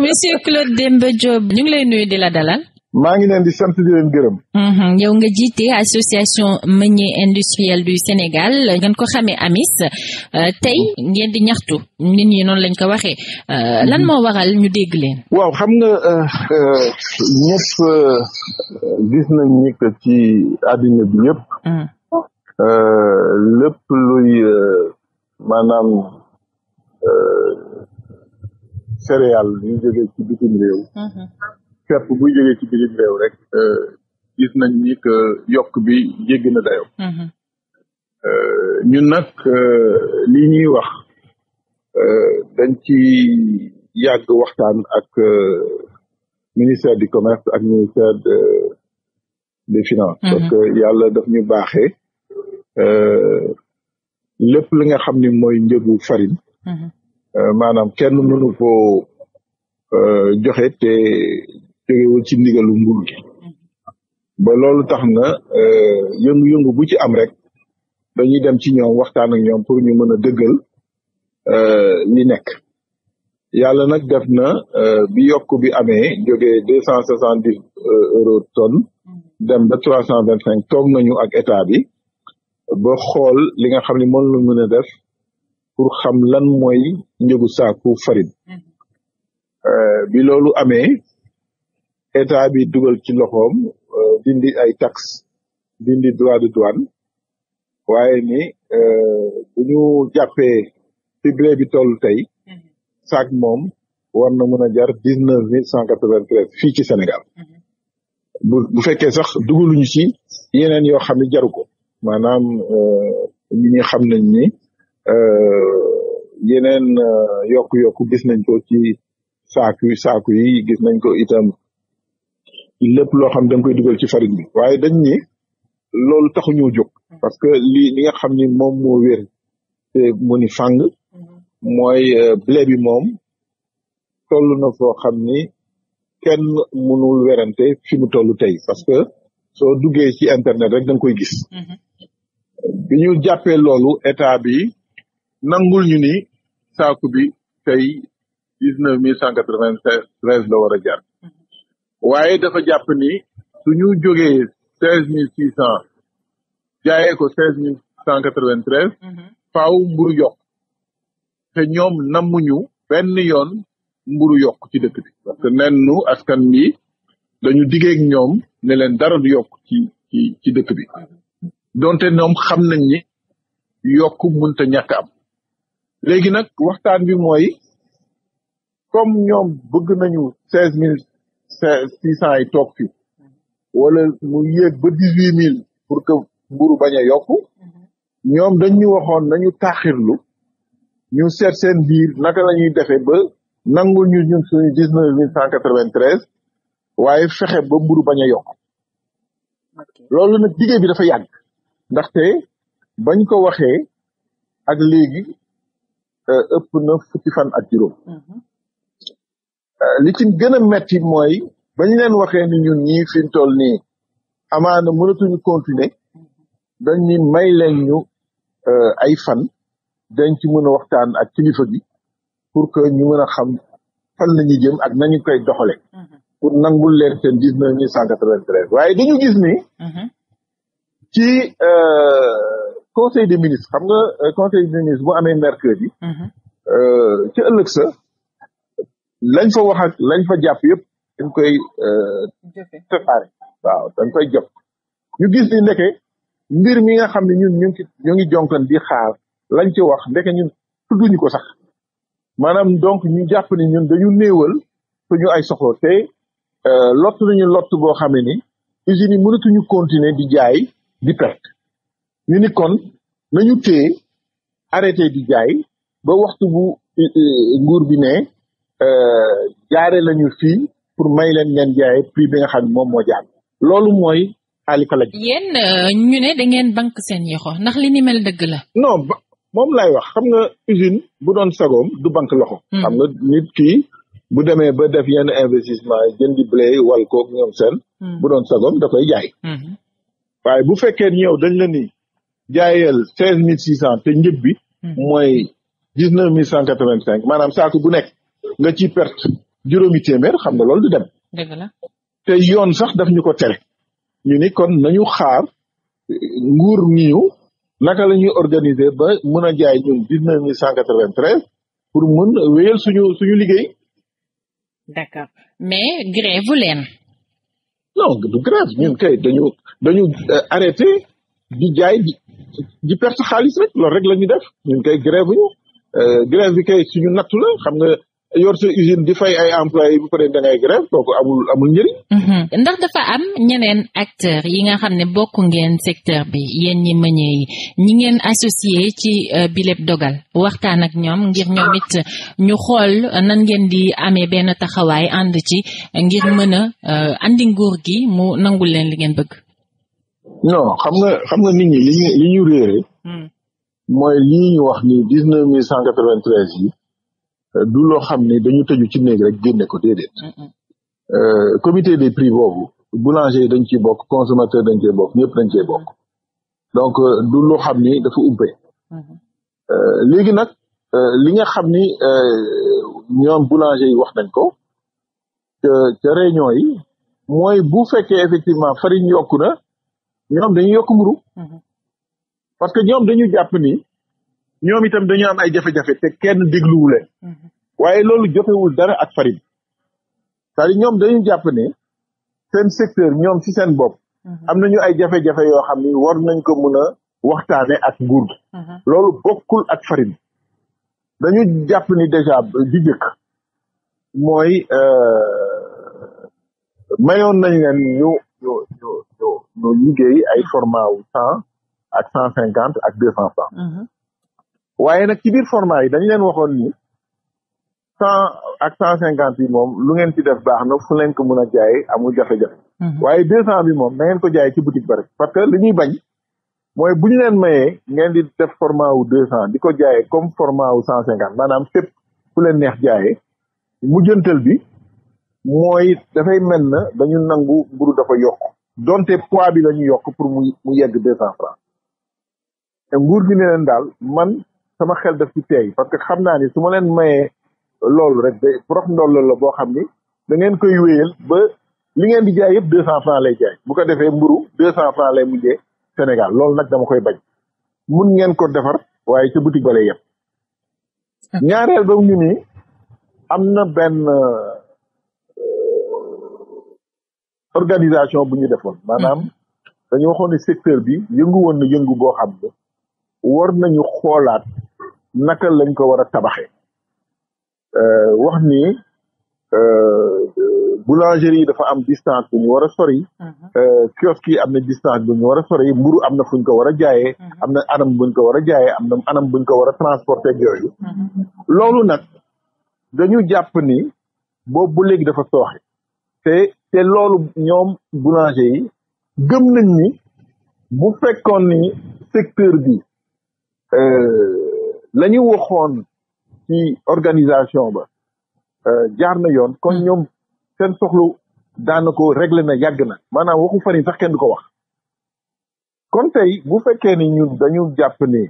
monsieur Claude Demba Diop ñu ngi lay nuyu di la dalal. maa ngi leen di sant di leen gërëm. Mhm, yow nga jiite association meunier industriel du Sénégal ngeen ko xamee AMIS euh, tey ngeen di ñaxtu nit ñi noonu lañ ko waxee euh, lan mhm. moo waral ñu dégg leen. waaw xam nga euh, ñëpp gis nañ ni ci àddina bi yëpp. Mhm. lépp luy maanaam. céréales yu jógee ci bitim réew. Mhm. fépp buy jógee ci bitim réew rek. Euh, gis nañ ni que yokk bi jéggi na dayoo. Mhm. Euh, ñun nag euh, li ñuy wax dañ ci yàgg waxtaan ak ministère du commerce ak ministère de des finances. Mhm. parce que yàlla daf ñu baaxe lépp li nga xam ni mooy njëgu farine. Euh, maanaam kenn mënu koo euh, joxe te jógewul ci ndigalu nguur gi ba loolu tax na euh, yëngu-yëngu bu ci am rek dañuy dem ci ñoom waxtaan ak ñoom pour ñu mën a dëggal li nekk yàlla nag def na bi yokk bi amee jóge deux cent soixante dix euros tonne dem ba trois cent vingt cinq toog nañu ak état bi ba xool li nga xam ne moom la mën a def pour xam lan mooy njëgu saaku farine euh, bi loolu amee état bi dugal ci loxoom euh, dindi ay taxe dindi droit de douane waaye ni euh, bu jàppee fi blé bi toll tey saak moom war na mën a jar dix neuf fii ci Sénégal bu bu fekkee sax dugaluñu ci yeneen yoo xam ne jaru ko maanaam ñi xam nañ ni Euh, yeneen euh, yokku yokk gis nañ ko ci saaku saaku yi gis nañ ko itam lépp loo xam da nga koy dugal ci farine bi waaye dañ ni loolu taxuñoo jóg mm-hmm. parce que lii li nga xam ni moom moo wér te mu mm-hmm. mooy euh, blé moom toll na foo xam ni kenn mënul werante fi mu toll tey parce que soo duggee ci internet rek da nga koy gis mm-hmm. bi jàppee loolu état bi nangul ñu ni saaku bi tey dix neuf mille cent quatre vingt treize la war a jar waaye dafa jàpp ni suñu jógee seize mille six cent jaayee ko seize mille cent quatre vingt treize faaw mburu yokk te ñoom nammuñu benn yoon mburu yokk ci dëkk bi askan bi dañu diggeeg ñoom ne leen dara du yokk ci ci dëkk bi donte ñoom xam nañ ni yokk mënta ñàkk am léegi nag waxtaan bi mooy comme ñoom bëgg nañu seize mille six cent yi toog fi wala mu yéeg ba dix huit mille pour que mburu bañ a yokk ñoom dañ ñu waxoon nañu taaxirlu ñu seet seen biir naka lañuy ñuy defee ba nangul ñu ñun suñu dix neuf mille cent quatre vingt treize waaye fexe ba mburu bañ a yokk loolu nag liggéey bi dafa yàgg ndaxte bañ ko waxee ak léegi Euh, ëpp na fukki fan ak juróom. Mhm. Euh, li ci gën a metti mooy bañ leen waxee ni ñu ñii fi mu toll nii amaana mënatuñu continuer dañ ni may leen ñu euh, ay fan dañ ci mën a waxtaan ak kilifa gi pour que ñu mën a xam fan la ñuy jëm ak nañu koy doxale mhm. pour nangul leen seen waaye dañu gis ni. Mhm. ci. conseil des ministre xam nga euh, conseil des ministres bu amee mercredi. Mhm. Euh, ci ëllëg sa lañ fa wax lañ fa jàpp yëpp dañ koy. Euh, préparé waaw dañ koy jot. ñu gis ni ndeke mbir mi nga xam ne ñun ñu ngi ñu ngi jonkan di xaar lañ ci wax ndeke ñun tudduñu ko sax maanaam donc ñu jàpp ni ñun dañu néewal ñu ay soxla te lott nañu lott boo xam ne ni usines yi mënatuñu continuer di jaay di perte. ñu ni kon nañu téye arrêté di jaay ba waxtu bu nguur bi ne euh, jaaree lañu fii pour may leen ngeen jaay prix bi nga xam ne moom moo jaar loolu mooy xaalifa la yéen euh, ñu ne da ngeen seen yoxo ndax li ni mel la non moom lay wax xam nga usine bu doon sagoom du banque loxo hmm. xam nga nit kii bu demee ba def yenn investissement jëndi blé wal koog ñoom seen hmm. bu doon sagoom da koy jaay hmm. waaye bu fekkee yow dañ la ni jaayeel seize mille six cent te njëg bi hmm. mooy dix neuf mille cent quatre vingt cinq maanaam saako bu nekk nga ci perte juróomi téeméer xam nga lool du dem te yoon sax daf ñu ko tere ñu ni kon nañu xaar nguur niiw naka lañuy ñuy organiser ba mën a jaay ñun dix neuf mille cent quatre vingt treize pour mën wéyal suñu suñu liggéey d'accord mais grève leen non du grève ñun kay dañu dañu euh, arrêté jaay di perte xaalis rek loolu rek la def ñun kay euh, grève bi kay suñu nattu la xam nga yor sa usine di fay ay employés bu paree da ngay grève amul amul mhm. ndax dafa am ñeneen acteurs yi nga xam ne bokk ngeen secteur bi yéen ñi meññee yi ñi ngeen associé ci euh, bileb dogal waxtaan ak ñoom ngir ñoom ñu xool nan ngeen di amee benn taxawaay ànd ci ngir mën a euh, andi nguur gi mu nangul leen li ngeen bëgg. non xam nga xam nga nit ñi li ñu réere hmm. mooy lii ñu wax ni dix neuf mille cent euh, du loo xam ne dañu tëju ci néeg rek génne ko déedéet hmm, hmm. Euh, comité des prix boobu boulanger yi dañ ciy bokk consommateur dañ cee bokk ñëpp dañ cee bokk donc euh, du loo xam ni dafa ubbe léegi nag li nga xam ni ñoom boulanger yi wax nañ ko ca réunion yi mooy bu fekkee effectivement farine yokku na ñoom dañu yokk mburu mhm. parce que ñoom dañu jàpp ni ñoom itam dañu am ay jafe-jafe te kenn dégluwu leen mhm. waaye loolu jotewul dara ak farine cest à ñoom dañu jàpp ne seen secteur ñoom ci seen bopp mhm. am nañu ay jafe-jafe yoo xam ni war nañ ko mën a waxtaane ak nguur gi loolu bokkul ak farine dañu jàpp ni déjà di jëkk mooy euh, mayoon nañ leen ñu ñu liggéey ay format wu cent ak cent cinquante ak deux cent mm-hmm. waaye nag ci biir format yi dañ leen waxoon ni cent ak cent cinquante yi moom lu ngeen ci def baax na fu leen ko mën a jaay amul jafe-jafe mm-hmm. waaye deux cent bi moom na ko jaay ci boutique ba rek parce que li ñuy bañ mooy bu ñu leen mayee ngeen di def format wu deux cent di ko jaaye comme format wu cent cinquante maanaam fépp fu leen neex jaayee mujjantal bi mooy dafay mel na dañu nangu mburu dafa yokk donte poids bi la ñu yokk pour mu mu yegg deux cent francs te nguur gi ne leen daal man sama xel daf ci teey parce que xam naa ni su ma leen mayee loolu rek day prof ndoll la boo xam ni da ngeen koy wéyal ba li ngeen di jaay yëpp deux cent francs lay jaay bu ko defee mburu deux cent francs lay mujjee Sénégal loolu nag dama koy bañ mun ngeen ko defar waaye ca boutique ba lay yem ah. ñaareel ba ñu ni am na benn organisation bu ñu defoon hmm. maanaam dañu waxoon ni secteur bi yëngu woon na yëngu boo xam ne war nañu xoolaat naka lañ ko war a tabaxee euh, wax ni euh, boulangerie yi dafa am distance bu ñu war a sori hmm. euh, kiosque yi am na distance bu ñu war a sori mburu am na fu hmm. ko war a jaayee am na anam buñ ko war a jaayee am na anam buñ ko war a transporter ak yooyu loolu nag dañu jàpp ni boobu léegi dafa sooxe te te loolu ñoom boulanger yi gëm nañ ni bu fekkoon secteur bi euh, lañu ñu waxoon ci organisation ba euh, jaar na yoon kon hmm. ñoom seen soxlu daanako ko réglé na yàgg na maanaam waxu farine sax kenn du ko wax kon tey bu fekkee ni ñun dañu jàpp ni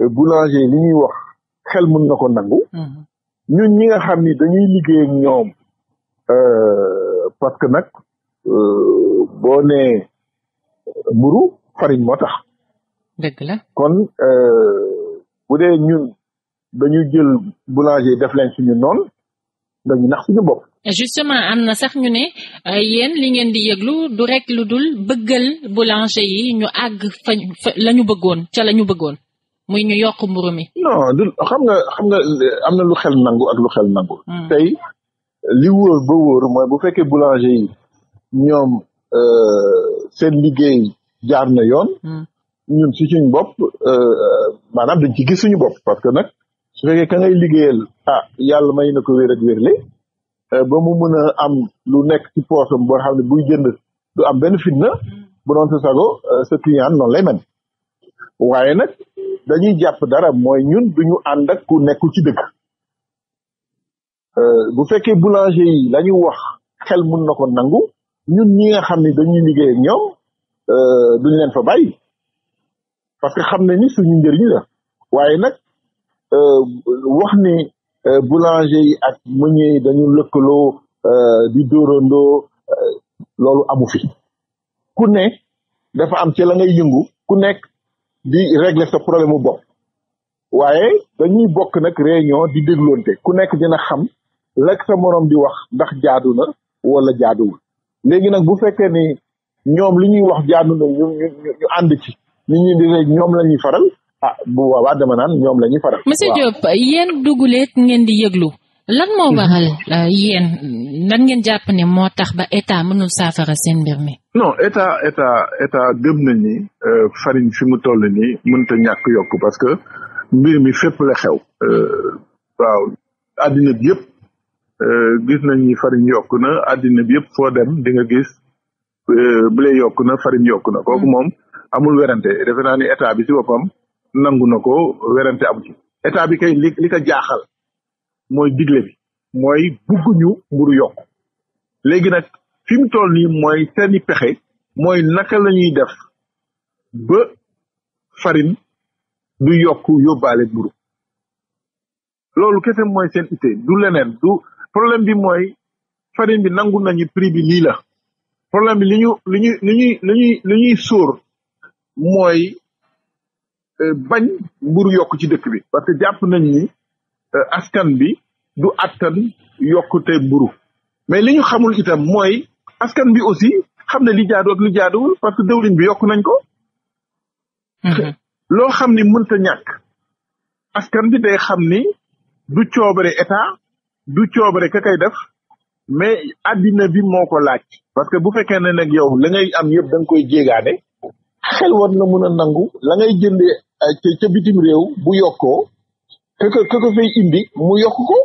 euh, boulanger li wax xel mën na ko nangu hmm. ñun ñi nga xam ni dañuy liggéey ak ñoom parce que nag euh, boo nee mburu farine moo tax. dëgg la kon euh, bu dee ñun dañu jël boulanger def leen suñu noonu dañu nax suñu bopp. justement am na sax ñu ne euh, yéen li ngeen di yëglu du rek lu dul bëggal boulanger yi ñu àgg fa lañu bëggoon ca la ñu bëggoon muy ñu yokk mburu mi. non xam na lu xel nangu ak lu xel nangu. Hmm. tey li wóor ba wóor mooy bu fekkee boulanger yi ñoom euh, seen liggéey jaar na yoon hmm. ñun si suñu bopp euh, maanaam dañ ci gis suñu bopp parce que nag su fekkee ka ngay liggéeyal ah yàlla may na ko wér ak wérle euh, ba mu mën a am lu nekk ci poosam boo xam ne buy jënd du am benn fitna hmm. bu doon sa sago sa client noonu lay mel waaye nag dañuy jàpp dara mooy ñun duñu ànd ak ku nekkul ci dëgg Euh, bu fekkee boulanger yi lañu wax xel mun na ko nangu ñun ñi nga xam ni dañuy liggéey ak ñoom euh, duñ leen fa bàyyi parce que xam na ni suñu njëriñ la waaye nag euh, wax ni boulanger yi ak meunier dañu lëkkaloo di dóorandoo loolu amu fi ku ne dafa am ci la ngay yëngu ku nekk di régler sa problème mu bopp waaye dañuy bokk nag réunion di dégloonte ku nekk dina xam lekk sa morom di wax ndax jaadu na wala jaaduwul léegi nag bu fekkee ni ñoom li ñuy wax jaadu na ñu ñu ci nit ñi di rek ñoom la ñuy faral ah bu boobaa dama naan ñoom la ñuy faral. monsieur Diop yéen duguleet ngeen di yëglu. lan moo mhm. waral euh, yéen lan ngeen jàpp ne moo tax ba état mënul saafara seen mbir mi. non état état état gëm na ni euh, farine fi mu toll nii mënta ñàkk yokk parce que mbir mi fépp la xew. Euh, waaw àddina bi yëpp Euh, gis nañ ni farine yokku na àddina bi yëpp foo dem di nga gis euh, blé yokku na farine yokku na kooku mm. moom amul werante defe naa ni état bi si boppam nangu na ko werante amu ci état bi kay li li ko jaaxal mooy digle bi mooy bugguñu mburu yokk léegi nag fi mu toll nii mooy seeni pexe mooy naka la def ba farine du yokk yóbbaale mburu loolu kese mooy seen ité du leneen du problème bi mooy farine bi nangu nañu prix bi lii la problème bi li ñu li ñu li ñuy li mooy euh, bañ mburu yokk ci dëkk bi parce que jàpp nañ ni euh, askan bi du attan yokkute mburu mais li ñu xamul itam mooy askan bi aussi xam ne li jaadu ak li jaaduwul parce que dëwlin bi yokk nañ ko mm-hmm. loo xam ni mënta ñàkk askan bi day xam ni du coobare état du coobare ka koy def mais addina bi moo ko laaj parce que bu fekkee ne nag yow la ngay am yëpp da nga koy jéegaane xel war na mën a nangu la ngay jëndee ah, ca bitim réew bu yokkoo ka ko ka ko indi mu yokk ko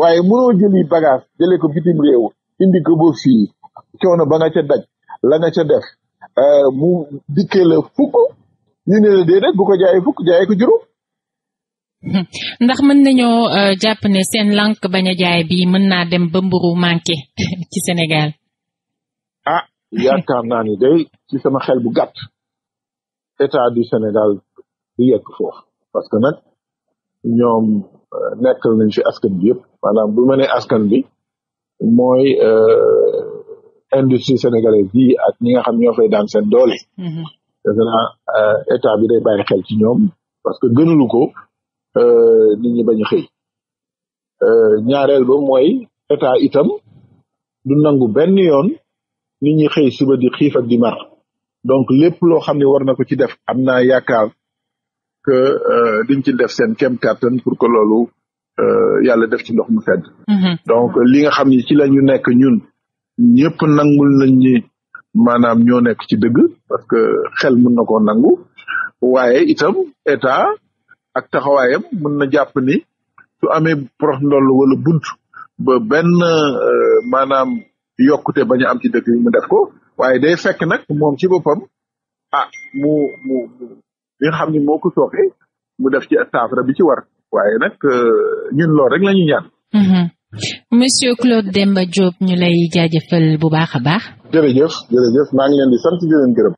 waaye mënoo jëli bagage jëlee ko bitim réew indi ko ba fii coono ba nga ca daj la nga ca def ah, mu dikkee la fukk ñu ne la bu ko jaayee fukk jaayee ko juróom ndax mën nañoo euh, jàpp ne seen lànk bañ jaay bi mën naa dem ba mburu manqué ci Sénégal. ah yaakaar naa ni day ci sama xel bu gàtt état du Sénégal du yegg foofu parce que nag ñoom euh, nekkal nañ fi askan bi yëpp maanaam bu ma askan bi mooy euh, industrie sénégalaise bi ak ñi nga xam ñoo fay daan seen doole. Mm-hmm. état bi day bàyyi xel ci ñoom parce que gënulu ko. Euh, nit ñi bañ xëy euh, ñaareel ba mooy état itam du nangu benn yoon nit ñi xëy suba xiif ak di mar donc lépp loo xam ne war na ko ci def am naa yaakaar que diñ euh, ci def seen kem kàttan pour que loolu yàlla def ci ndox mu sedd mm-hmm. donc li nga xam ne ci la nekk ñun ñëpp nangul nañ ñi maanaam ñoo nekk ci dëgg parce que xel mun na koo nangu waaye itam état ak taxawaayam mën na jàpp ni su amee prof ndoll wala bunt ba benn euh, maanaam yokkute bañu am ci dëkk bi mu def ko waaye day fekk nag moom ci boppam ah mu mu li nga xam ne moo ko sooxee mu def ci saafara bi ci war waaye nag euh, ñun lool rek la ñuy ñaan. Mm-hmm. Monsieur Claude Demba Diop ñu lay jaajëfal bu baax a baax. jërëjëf jërëjëf maa ngi leen di sant di leen gërëm.